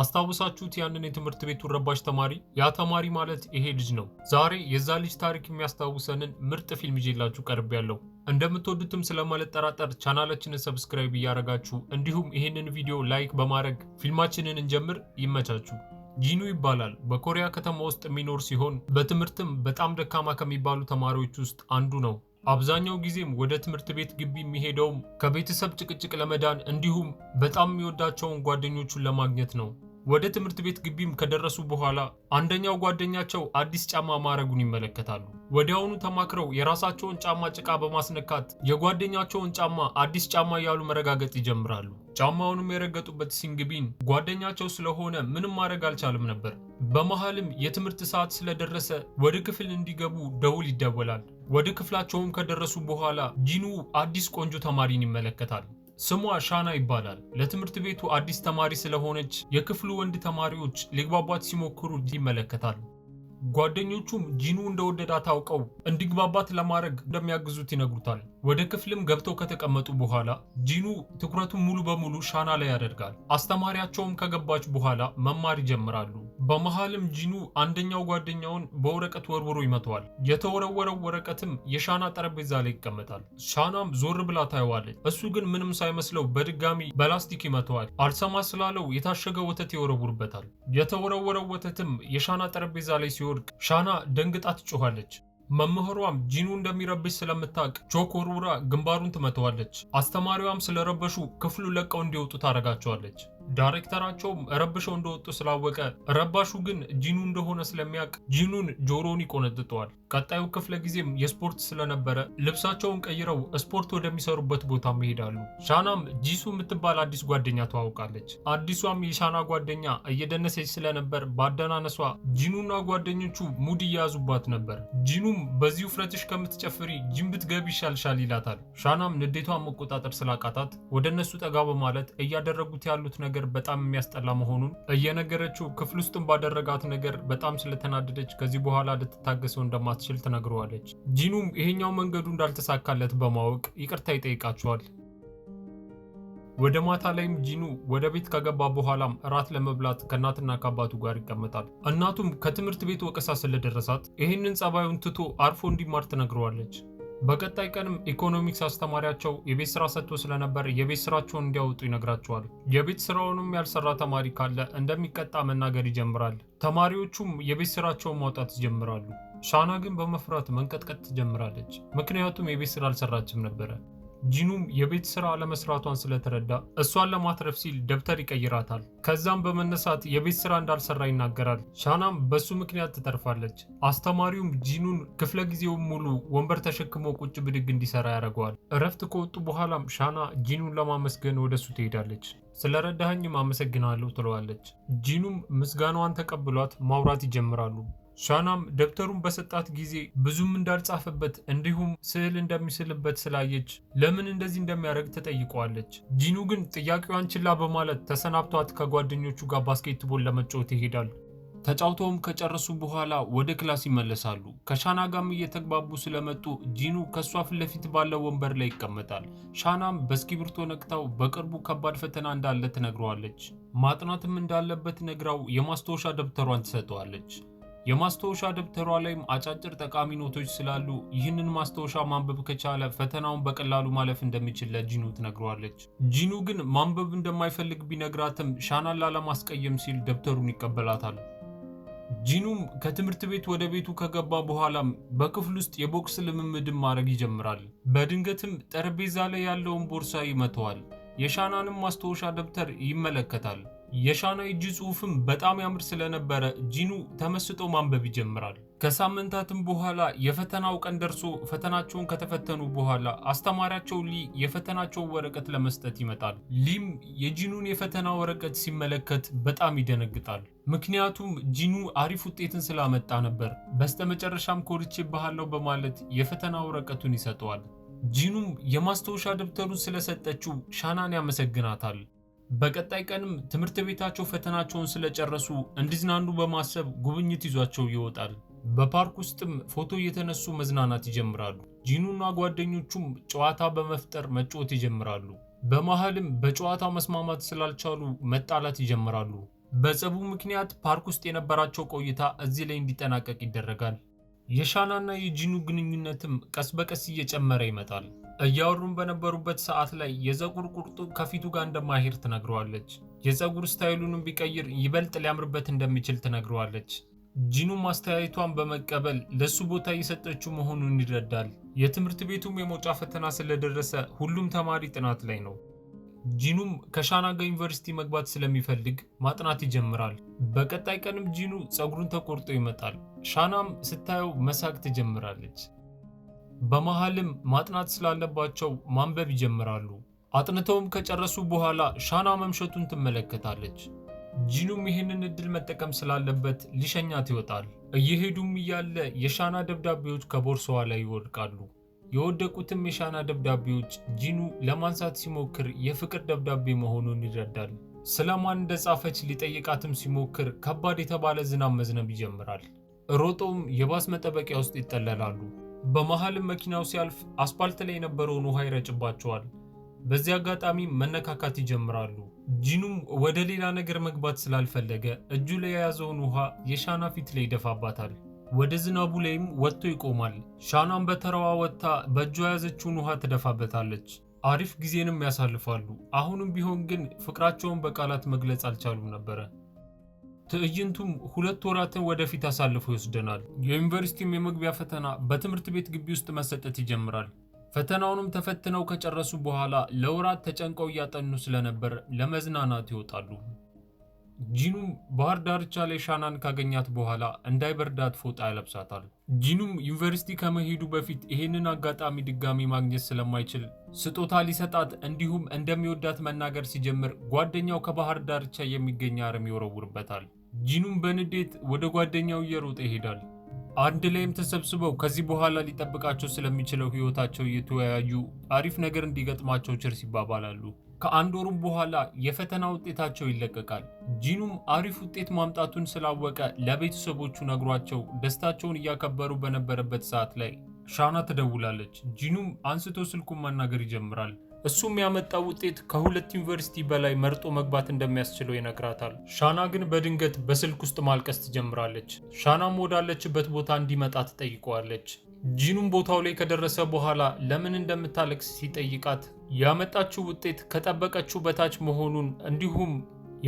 አስታውሳችሁት ያንን የትምህርት ቤቱ ረባሽ ተማሪ? ያ ተማሪ ማለት ይሄ ልጅ ነው። ዛሬ የዛ ልጅ ታሪክ የሚያስታውሰንን ምርጥ ፊልም ይዤላችሁ ቀርብ ያለው እንደምትወዱትም ስለማልጠራጠር ቻናላችንን ሰብስክራይብ እያደረጋችሁ እንዲሁም ይህንን ቪዲዮ ላይክ በማድረግ ፊልማችንን እንጀምር። ይመቻችሁ። ጂኑ ይባላል። በኮሪያ ከተማ ውስጥ የሚኖር ሲሆን በትምህርትም በጣም ደካማ ከሚባሉ ተማሪዎች ውስጥ አንዱ ነው። አብዛኛው ጊዜም ወደ ትምህርት ቤት ግቢ የሚሄደውም ከቤተሰብ ጭቅጭቅ ለመዳን እንዲሁም በጣም የሚወዳቸውን ጓደኞቹን ለማግኘት ነው። ወደ ትምህርት ቤት ግቢም ከደረሱ በኋላ አንደኛው ጓደኛቸው አዲስ ጫማ ማረጉን ይመለከታሉ። ወዲያውኑ ተማክረው የራሳቸውን ጫማ ጭቃ በማስነካት የጓደኛቸውን ጫማ አዲስ ጫማ እያሉ መረጋገጥ ይጀምራሉ። ጫማውንም የረገጡበት ሲንግቢን ጓደኛቸው ስለሆነ ምንም ማድረግ አልቻለም ነበር። በመሃልም የትምህርት ሰዓት ስለደረሰ ወደ ክፍል እንዲገቡ ደውል ይደወላል። ወደ ክፍላቸውም ከደረሱ በኋላ ጂኑ አዲስ ቆንጆ ተማሪን ይመለከታል። ስሟ ሻና ይባላል። ለትምህርት ቤቱ አዲስ ተማሪ ስለሆነች የክፍሉ ወንድ ተማሪዎች ሊግባባት ሲሞክሩ ይመለከታል። ጓደኞቹም ጂኑ እንደወደዳት አውቀው እንዲግባባት ለማድረግ እንደሚያግዙት ይነግሩታል። ወደ ክፍልም ገብተው ከተቀመጡ በኋላ ጂኑ ትኩረቱን ሙሉ በሙሉ ሻና ላይ ያደርጋል። አስተማሪያቸውም ከገባች በኋላ መማር ይጀምራሉ። በመሃልም ጂኑ አንደኛው ጓደኛውን በወረቀት ወርውሮ ይመተዋል። የተወረወረው ወረቀትም የሻና ጠረጴዛ ላይ ይቀመጣል። ሻናም ዞር ብላ ታየዋለች። እሱ ግን ምንም ሳይመስለው በድጋሚ በላስቲክ ይመተዋል። አልሰማ ስላለው የታሸገ ወተት ይወረውርበታል። የተወረወረው ወተትም የሻና ጠረጴዛ ላይ ሲወድቅ ሻና ደንግጣ ትጮኋለች። መምህሯም ጂኑ እንደሚረብሽ ስለምታውቅ ጆክ ወርውራ ግንባሩን ትመተዋለች። አስተማሪዋም ስለረበሹ ክፍሉ ለቀው እንዲወጡ ታደርጋቸዋለች። ዳይሬክተራቸው ረብሸው እንደወጡ ስላወቀ ረባሹ ግን ጂኑ እንደሆነ ስለሚያውቅ ጂኑን ጆሮን ይቆነጥጠዋል። ቀጣዩ ክፍለ ጊዜም የስፖርት ስለነበረ ልብሳቸውን ቀይረው ስፖርት ወደሚሰሩበት ቦታም ይሄዳሉ። ሻናም ጂሱ የምትባል አዲስ ጓደኛ ተዋውቃለች። አዲሷም የሻና ጓደኛ እየደነሰች ስለነበር በአደናነሷ ጂኑና ጓደኞቹ ሙድ እየያዙባት ነበር። ጂኑም በዚህ ውፍረትሽ ከምትጨፍሪ ጂም ብትገቢ ይሻልሻል ይላታል። ሻናም ንዴቷን መቆጣጠር ስላቃታት ወደ እነሱ ጠጋ በማለት እያደረጉት ያሉት ነገር ነገር በጣም የሚያስጠላ መሆኑን እየነገረችው ክፍል ውስጥም ባደረጋት ነገር በጣም ስለተናደደች ከዚህ በኋላ ልትታገሰው እንደማትችል ትነግረዋለች። ጂኑም ይሄኛው መንገዱ እንዳልተሳካለት በማወቅ ይቅርታ ይጠይቃቸዋል። ወደ ማታ ላይም ጂኑ ወደ ቤት ከገባ በኋላም እራት ለመብላት ከእናትና ከአባቱ ጋር ይቀመጣል። እናቱም ከትምህርት ቤት ወቀሳ ስለደረሳት ይህንን ጸባዩን ትቶ አርፎ እንዲማር ትነግረዋለች። በቀጣይ ቀንም ኢኮኖሚክስ አስተማሪያቸው የቤት ስራ ሰጥቶ ስለነበር የቤት ስራቸውን እንዲያወጡ ይነግራቸዋል። የቤት ስራውንም ያልሰራ ተማሪ ካለ እንደሚቀጣ መናገር ይጀምራል። ተማሪዎቹም የቤት ስራቸውን ማውጣት ይጀምራሉ። ሻና ግን በመፍራት መንቀጥቀጥ ትጀምራለች። ምክንያቱም የቤት ስራ አልሰራችም ነበረ። ጂኑም የቤት ስራ አለመስራቷን ስለተረዳ እሷን ለማትረፍ ሲል ደብተር ይቀይራታል። ከዛም በመነሳት የቤት ስራ እንዳልሰራ ይናገራል። ሻናም በሱ ምክንያት ትተርፋለች። አስተማሪውም ጂኑን ክፍለ ጊዜውን ሙሉ ወንበር ተሸክሞ ቁጭ ብድግ እንዲሰራ ያደርገዋል። እረፍት ከወጡ በኋላም ሻና ጂኑን ለማመስገን ወደሱ ትሄዳለች። ስለረዳኸኝም አመሰግናለሁ ትለዋለች። ጂኑም ምስጋናዋን ተቀብሏት ማውራት ይጀምራሉ። ሻናም ደብተሩን በሰጣት ጊዜ ብዙም እንዳልጻፈበት እንዲሁም ስዕል እንደሚስልበት ስላየች ለምን እንደዚህ እንደሚያደርግ ተጠይቀዋለች። ጂኑ ግን ጥያቄዋን ችላ በማለት ተሰናብቷት ከጓደኞቹ ጋር ባስኬትቦል ለመጫወት ይሄዳል። ተጫውተውም ከጨረሱ በኋላ ወደ ክላስ ይመለሳሉ። ከሻና ጋም እየተግባቡ ስለመጡ ጂኑ ከእሷ ፊት ለፊት ባለው ወንበር ላይ ይቀመጣል። ሻናም በእስክሪብቶ ነቅታው በቅርቡ ከባድ ፈተና እንዳለ ትነግረዋለች። ማጥናትም እንዳለበት ነግራው የማስታወሻ ደብተሯን ትሰጠዋለች። የማስታወሻ ደብተሯ ላይም አጫጭር ጠቃሚ ኖቶች ስላሉ ይህንን ማስታወሻ ማንበብ ከቻለ ፈተናውን በቀላሉ ማለፍ እንደሚችል ለጂኑ ትነግረዋለች። ጂኑ ግን ማንበብ እንደማይፈልግ ቢነግራትም ሻናን ላለማስቀየም ሲል ደብተሩን ይቀበላታል። ጂኑም ከትምህርት ቤት ወደ ቤቱ ከገባ በኋላም በክፍል ውስጥ የቦክስ ልምምድን ማድረግ ይጀምራል። በድንገትም ጠረጴዛ ላይ ያለውን ቦርሳ ይመተዋል። የሻናንም ማስታወሻ ደብተር ይመለከታል። የሻና እጅ ጽሑፍም በጣም ያምር ስለነበረ ጂኑ ተመስጦ ማንበብ ይጀምራል። ከሳምንታትም በኋላ የፈተናው ቀን ደርሶ ፈተናቸውን ከተፈተኑ በኋላ አስተማሪያቸው ሊ የፈተናቸውን ወረቀት ለመስጠት ይመጣል። ሊም የጂኑን የፈተና ወረቀት ሲመለከት በጣም ይደነግጣል። ምክንያቱም ጂኑ አሪፍ ውጤትን ስላመጣ ነበር። በስተመጨረሻም ኮርቼ ባህለው በማለት የፈተና ወረቀቱን ይሰጠዋል። ጂኑም የማስታወሻ ደብተሩን ስለሰጠችው ሻናን ያመሰግናታል። በቀጣይ ቀንም ትምህርት ቤታቸው ፈተናቸውን ስለጨረሱ እንዲዝናኑ በማሰብ ጉብኝት ይዟቸው ይወጣል። በፓርክ ውስጥም ፎቶ እየተነሱ መዝናናት ይጀምራሉ። ጂኑና ጓደኞቹም ጨዋታ በመፍጠር መጫወት ይጀምራሉ። በመሃልም በጨዋታ መስማማት ስላልቻሉ መጣላት ይጀምራሉ። በጸቡ ምክንያት ፓርክ ውስጥ የነበራቸው ቆይታ እዚህ ላይ እንዲጠናቀቅ ይደረጋል። የሻናና የጂኑ ግንኙነትም ቀስ በቀስ እየጨመረ ይመጣል። እያወሩን በነበሩበት ሰዓት ላይ የፀጉር ቁርጡ ከፊቱ ጋር እንደማሄድ ትነግረዋለች። የፀጉር ስታይሉንም ቢቀይር ይበልጥ ሊያምርበት እንደሚችል ትነግረዋለች። ጂኑ ማስተያየቷን በመቀበል ለሱ ቦታ እየሰጠችው መሆኑን ይረዳል። የትምህርት ቤቱም የመውጫ ፈተና ስለደረሰ ሁሉም ተማሪ ጥናት ላይ ነው። ጂኑም ከሻና ዩኒቨርሲቲ መግባት ስለሚፈልግ ማጥናት ይጀምራል። በቀጣይ ቀንም ጂኑ ፀጉሩን ተቆርጦ ይመጣል። ሻናም ስታየው መሳቅ ትጀምራለች። በመሃልም ማጥናት ስላለባቸው ማንበብ ይጀምራሉ። አጥንተውም ከጨረሱ በኋላ ሻና መምሸቱን ትመለከታለች። ጂኑም ይህንን እድል መጠቀም ስላለበት ሊሸኛት ይወጣል። እየሄዱም እያለ የሻና ደብዳቤዎች ከቦርሳዋ ላይ ይወድቃሉ። የወደቁትም የሻና ደብዳቤዎች ጂኑ ለማንሳት ሲሞክር የፍቅር ደብዳቤ መሆኑን ይረዳል። ስለ ማን እንደጻፈች ሊጠይቃትም ሲሞክር ከባድ የተባለ ዝናብ መዝነብ ይጀምራል። ሮጦም የባስ መጠበቂያ ውስጥ ይጠለላሉ። በመሃልም መኪናው ሲያልፍ አስፓልት ላይ የነበረውን ውሃ ይረጭባቸዋል። በዚህ አጋጣሚ መነካካት ይጀምራሉ። ጂኑም ወደ ሌላ ነገር መግባት ስላልፈለገ እጁ ላይ የያዘውን ውሃ የሻና ፊት ላይ ይደፋባታል። ወደ ዝናቡ ላይም ወጥቶ ይቆማል። ሻናም በተራዋ ወጥታ በእጇ የያዘችውን ውሃ ትደፋበታለች። አሪፍ ጊዜንም ያሳልፋሉ። አሁንም ቢሆን ግን ፍቅራቸውን በቃላት መግለጽ አልቻሉም ነበረ። ትዕይንቱም ሁለት ወራትን ወደፊት አሳልፎ ይወስደናል። የዩኒቨርሲቲም የመግቢያ ፈተና በትምህርት ቤት ግቢ ውስጥ መሰጠት ይጀምራል። ፈተናውንም ተፈትነው ከጨረሱ በኋላ ለወራት ተጨንቀው እያጠኑ ስለነበር ለመዝናናት ይወጣሉ። ጂኑም ባህር ዳርቻ ላይ ሻናን ካገኛት በኋላ እንዳይበርዳት ፎጣ ያለብሳታል። ጂኑም ዩኒቨርሲቲ ከመሄዱ በፊት ይህንን አጋጣሚ ድጋሚ ማግኘት ስለማይችል ስጦታ ሊሰጣት እንዲሁም እንደሚወዳት መናገር ሲጀምር ጓደኛው ከባህር ዳርቻ የሚገኝ አረም ይወረውርበታል። ጂኑም በንዴት ወደ ጓደኛው እየሮጠ ይሄዳል። አንድ ላይም ተሰብስበው ከዚህ በኋላ ሊጠብቃቸው ስለሚችለው ህይወታቸው እየተወያዩ አሪፍ ነገር እንዲገጥማቸው ችርስ ይባባላሉ። ከአንድ ወሩም በኋላ የፈተና ውጤታቸው ይለቀቃል። ጂኑም አሪፍ ውጤት ማምጣቱን ስላወቀ ለቤተሰቦቹ ነግሯቸው ደስታቸውን እያከበሩ በነበረበት ሰዓት ላይ ሻና ትደውላለች። ጂኑም አንስቶ ስልኩን መናገር ይጀምራል። እሱም ያመጣው ውጤት ከሁለት ዩኒቨርሲቲ በላይ መርጦ መግባት እንደሚያስችለው ይነግራታል። ሻና ግን በድንገት በስልክ ውስጥ ማልቀስ ትጀምራለች። ሻናም ወዳለችበት ቦታ እንዲመጣ ትጠይቀዋለች። ጂኑም ቦታው ላይ ከደረሰ በኋላ ለምን እንደምታለቅስ ሲጠይቃት ያመጣችው ውጤት ከጠበቀችው በታች መሆኑን እንዲሁም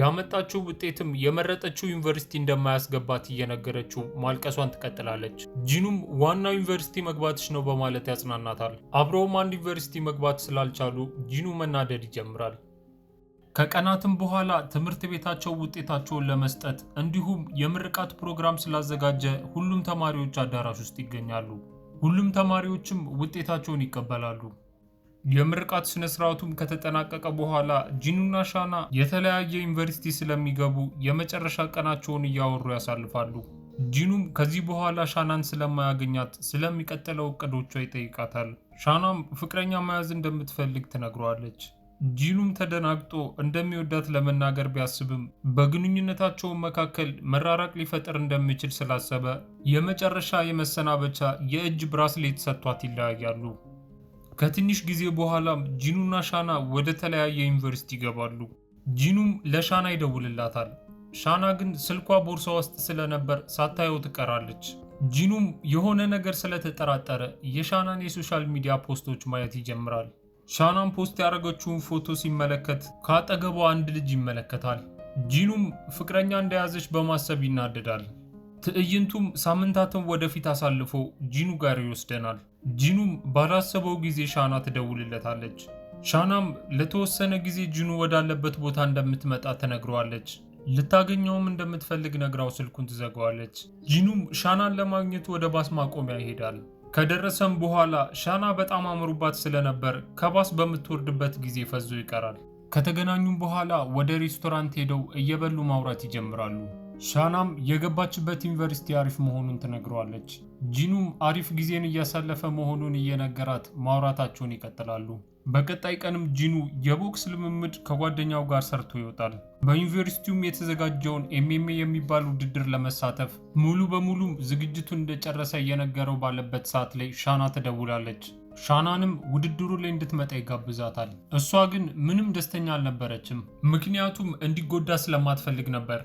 ያመጣችው ውጤትም የመረጠችው ዩኒቨርሲቲ እንደማያስገባት እየነገረችው ማልቀሷን ትቀጥላለች። ጂኑም ዋናው ዩኒቨርሲቲ መግባትሽ ነው በማለት ያጽናናታል። አብረውም አንድ ዩኒቨርሲቲ መግባት ስላልቻሉ ጂኑ መናደድ ይጀምራል። ከቀናትም በኋላ ትምህርት ቤታቸው ውጤታቸውን ለመስጠት እንዲሁም የምርቃት ፕሮግራም ስላዘጋጀ ሁሉም ተማሪዎች አዳራሽ ውስጥ ይገኛሉ። ሁሉም ተማሪዎችም ውጤታቸውን ይቀበላሉ። የምርቃት ስነ ስርዓቱም ከተጠናቀቀ በኋላ ጂኑና ሻና የተለያየ ዩኒቨርሲቲ ስለሚገቡ የመጨረሻ ቀናቸውን እያወሩ ያሳልፋሉ። ጂኑም ከዚህ በኋላ ሻናን ስለማያገኛት ስለሚቀጥለው እቅዶቿ ይጠይቃታል። ሻናም ፍቅረኛ መያዝ እንደምትፈልግ ትነግረዋለች። ጂኑም ተደናግጦ እንደሚወዳት ለመናገር ቢያስብም በግንኙነታቸው መካከል መራራቅ ሊፈጠር እንደሚችል ስላሰበ የመጨረሻ የመሰናበቻ የእጅ ብራስሌት ሰጥቷት ይለያያሉ። ከትንሽ ጊዜ በኋላ ጂኑና ሻና ወደ ተለያየ ዩኒቨርሲቲ ይገባሉ። ጂኑም ለሻና ይደውልላታል። ሻና ግን ስልኳ ቦርሳ ውስጥ ስለነበር ሳታየው ትቀራለች። ጂኑም የሆነ ነገር ስለተጠራጠረ የሻናን የሶሻል ሚዲያ ፖስቶች ማየት ይጀምራል። ሻናን ፖስት ያደረገችውን ፎቶ ሲመለከት ከአጠገቧ አንድ ልጅ ይመለከታል። ጂኑም ፍቅረኛ እንደያዘች በማሰብ ይናደዳል። ትዕይንቱም ሳምንታትን ወደፊት አሳልፎ ጂኑ ጋር ይወስደናል። ጂኑም ባላሰበው ጊዜ ሻና ትደውልለታለች። ሻናም ለተወሰነ ጊዜ ጂኑ ወዳለበት ቦታ እንደምትመጣ ትነግረዋለች። ልታገኘውም እንደምትፈልግ ነግራው ስልኩን ትዘጋዋለች። ጂኑም ሻናን ለማግኘት ወደ ባስ ማቆሚያ ይሄዳል። ከደረሰም በኋላ ሻና በጣም አምሮባት ስለነበር ከባስ በምትወርድበት ጊዜ ፈዞ ይቀራል። ከተገናኙም በኋላ ወደ ሬስቶራንት ሄደው እየበሉ ማውራት ይጀምራሉ። ሻናም የገባችበት ዩኒቨርሲቲ አሪፍ መሆኑን ትነግረዋለች። ጂኑም አሪፍ ጊዜን እያሳለፈ መሆኑን እየነገራት ማውራታቸውን ይቀጥላሉ። በቀጣይ ቀንም ጂኑ የቦክስ ልምምድ ከጓደኛው ጋር ሰርቶ ይወጣል። በዩኒቨርሲቲውም የተዘጋጀውን ኤምኤምኤ የሚባል ውድድር ለመሳተፍ ሙሉ በሙሉም ዝግጅቱን እንደጨረሰ እየነገረው ባለበት ሰዓት ላይ ሻና ትደውላለች። ሻናንም ውድድሩ ላይ እንድትመጣ ይጋብዛታል። እሷ ግን ምንም ደስተኛ አልነበረችም፣ ምክንያቱም እንዲጎዳ ስለማትፈልግ ነበር።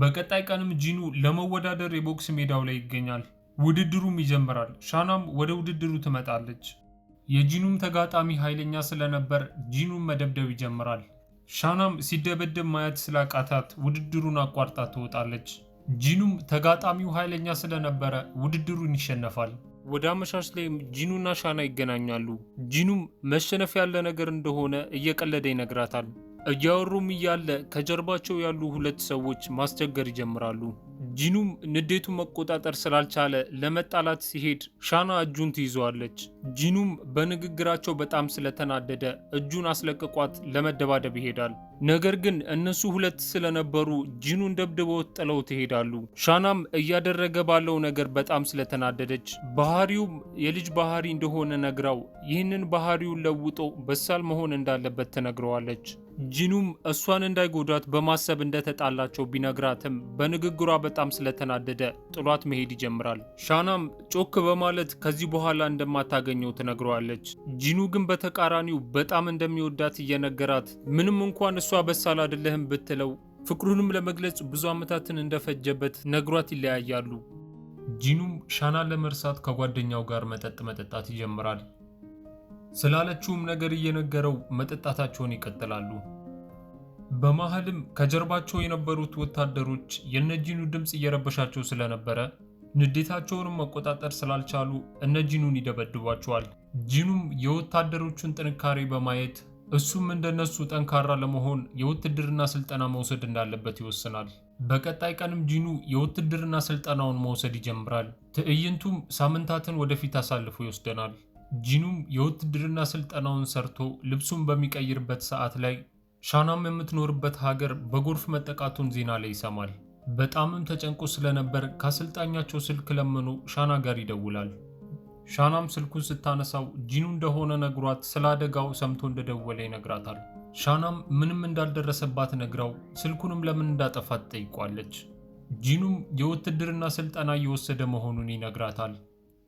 በቀጣይ ቀንም ጂኑ ለመወዳደር የቦክስ ሜዳው ላይ ይገኛል። ውድድሩም ይጀምራል። ሻናም ወደ ውድድሩ ትመጣለች። የጂኑም ተጋጣሚ ኃይለኛ ስለነበር ጂኑም መደብደብ ይጀምራል። ሻናም ሲደበደብ ማየት ስላቃታት ውድድሩን አቋርጣ ትወጣለች። ጂኑም ተጋጣሚው ኃይለኛ ስለነበረ ውድድሩን ይሸነፋል። ወደ አመሻሽ ላይም ጂኑና ሻና ይገናኛሉ። ጂኑም መሸነፍ ያለ ነገር እንደሆነ እየቀለደ ይነግራታል። እያወሩም እያለ ከጀርባቸው ያሉ ሁለት ሰዎች ማስቸገር ይጀምራሉ። ጂኑም ንዴቱን መቆጣጠር ስላልቻለ ለመጣላት ሲሄድ ሻና እጁን ትይዘዋለች። ጂኑም በንግግራቸው በጣም ስለተናደደ እጁን አስለቅቋት ለመደባደብ ይሄዳል። ነገር ግን እነሱ ሁለት ስለነበሩ ጂኑን ደብድበው ጥለው ትሄዳሉ። ሻናም እያደረገ ባለው ነገር በጣም ስለተናደደች ባህሪውም የልጅ ባህሪ እንደሆነ ነግራው ይህንን ባህሪውን ለውጦ በሳል መሆን እንዳለበት ትነግረዋለች። ጂኑም እሷን እንዳይጎዳት በማሰብ እንደተጣላቸው ቢነግራትም በንግግሯ በጣም ስለተናደደ ጥሏት መሄድ ይጀምራል። ሻናም ጮክ በማለት ከዚህ በኋላ እንደማታገኘው ትነግረዋለች። ጂኑ ግን በተቃራኒው በጣም እንደሚወዳት እየነገራት ምንም እንኳን እሷ በሳል አይደለህም ብትለው ፍቅሩንም ለመግለጽ ብዙ ዓመታትን እንደፈጀበት ነግሯት ይለያያሉ። ጂኑም ሻናን ለመርሳት ከጓደኛው ጋር መጠጥ መጠጣት ይጀምራል። ስላለችውም ነገር እየነገረው መጠጣታቸውን ይቀጥላሉ። በመሃልም ከጀርባቸው የነበሩት ወታደሮች የነጂኑ ድምፅ እየረበሻቸው ስለነበረ ንዴታቸውንም መቆጣጠር ስላልቻሉ እነ ጂኑን ይደበድቧቸዋል። ጂኑም የወታደሮቹን ጥንካሬ በማየት እሱም እንደነሱ ጠንካራ ለመሆን የውትድርና ስልጠና መውሰድ እንዳለበት ይወስናል። በቀጣይ ቀንም ጂኑ የውትድርና ስልጠናውን መውሰድ ይጀምራል። ትዕይንቱም ሳምንታትን ወደፊት አሳልፎ ይወስደናል። ጂኑም የውትድርና ስልጠናውን ሰርቶ ልብሱን በሚቀይርበት ሰዓት ላይ ሻናም የምትኖርበት ሀገር በጎርፍ መጠቃቱን ዜና ላይ ይሰማል። በጣምም ተጨንቆ ስለነበር ከአሰልጣኛቸው ስልክ ለመኖ ሻና ጋር ይደውላል። ሻናም ስልኩን ስታነሳው ጂኑ እንደሆነ ነግሯት ስለ አደጋው ሰምቶ እንደደወለ ይነግራታል። ሻናም ምንም እንዳልደረሰባት ነግራው ስልኩንም ለምን እንዳጠፋት ትጠይቋለች። ጂኑም የውትድርና ስልጠና እየወሰደ መሆኑን ይነግራታል።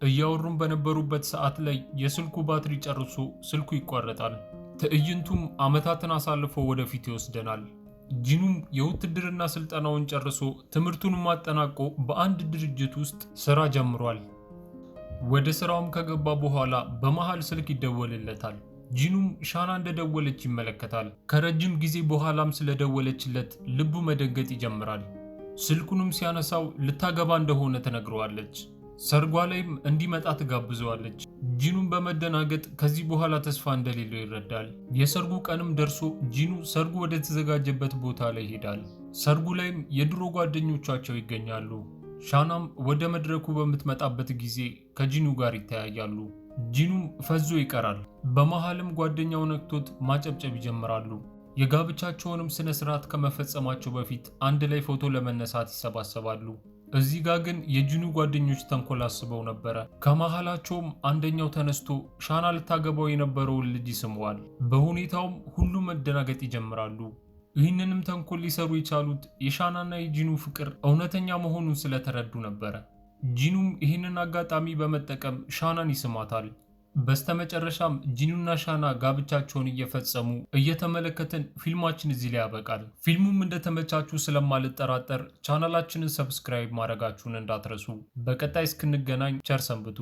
እያወሩም በነበሩበት ሰዓት ላይ የስልኩ ባትሪ ጨርሶ ስልኩ ይቋረጣል። ትዕይንቱም ዓመታትን አሳልፎ ወደፊት ይወስደናል። ጂኑም የውትድርና ስልጠናውን ጨርሶ ትምህርቱንም አጠናቆ በአንድ ድርጅት ውስጥ ስራ ጀምሯል። ወደ ስራውም ከገባ በኋላ በመሃል ስልክ ይደወልለታል። ጂኑም ሻና እንደደወለች ይመለከታል። ከረጅም ጊዜ በኋላም ስለደወለችለት ልቡ መደንገጥ ይጀምራል። ስልኩንም ሲያነሳው ልታገባ እንደሆነ ተነግረዋለች። ሰርጓ ላይም እንዲመጣ ትጋብዘዋለች። ጂኑን በመደናገጥ ከዚህ በኋላ ተስፋ እንደሌለው ይረዳል። የሰርጉ ቀንም ደርሶ ጂኑ ሰርጉ ወደ ተዘጋጀበት ቦታ ላይ ይሄዳል። ሰርጉ ላይም የድሮ ጓደኞቻቸው ይገኛሉ። ሻናም ወደ መድረኩ በምትመጣበት ጊዜ ከጂኑ ጋር ይተያያሉ። ጂኑም ፈዞ ይቀራል። በመሃልም ጓደኛው ነክቶት ማጨብጨብ ይጀምራሉ። የጋብቻቸውንም ስነ ስርዓት ከመፈጸማቸው በፊት አንድ ላይ ፎቶ ለመነሳት ይሰባሰባሉ። እዚህ ጋር ግን የጂኑ ጓደኞች ተንኮል አስበው ነበረ። ከመሃላቸውም አንደኛው ተነስቶ ሻና ልታገባው የነበረውን ልጅ ይስመዋል። በሁኔታውም ሁሉም መደናገጥ ይጀምራሉ። ይህንንም ተንኮል ሊሰሩ የቻሉት የሻናና የጂኑ ፍቅር እውነተኛ መሆኑን ስለተረዱ ነበረ። ጂኑም ይህንን አጋጣሚ በመጠቀም ሻናን ይስማታል። በስተመጨረሻም ጂኑና ሻና ጋብቻቸውን እየፈጸሙ እየተመለከትን ፊልማችን እዚህ ላይ ያበቃል። ፊልሙም እንደተመቻችሁ ስለማልጠራጠር ቻናላችንን ሰብስክራይብ ማድረጋችሁን እንዳትረሱ። በቀጣይ እስክንገናኝ ቸር ሰንብቱ።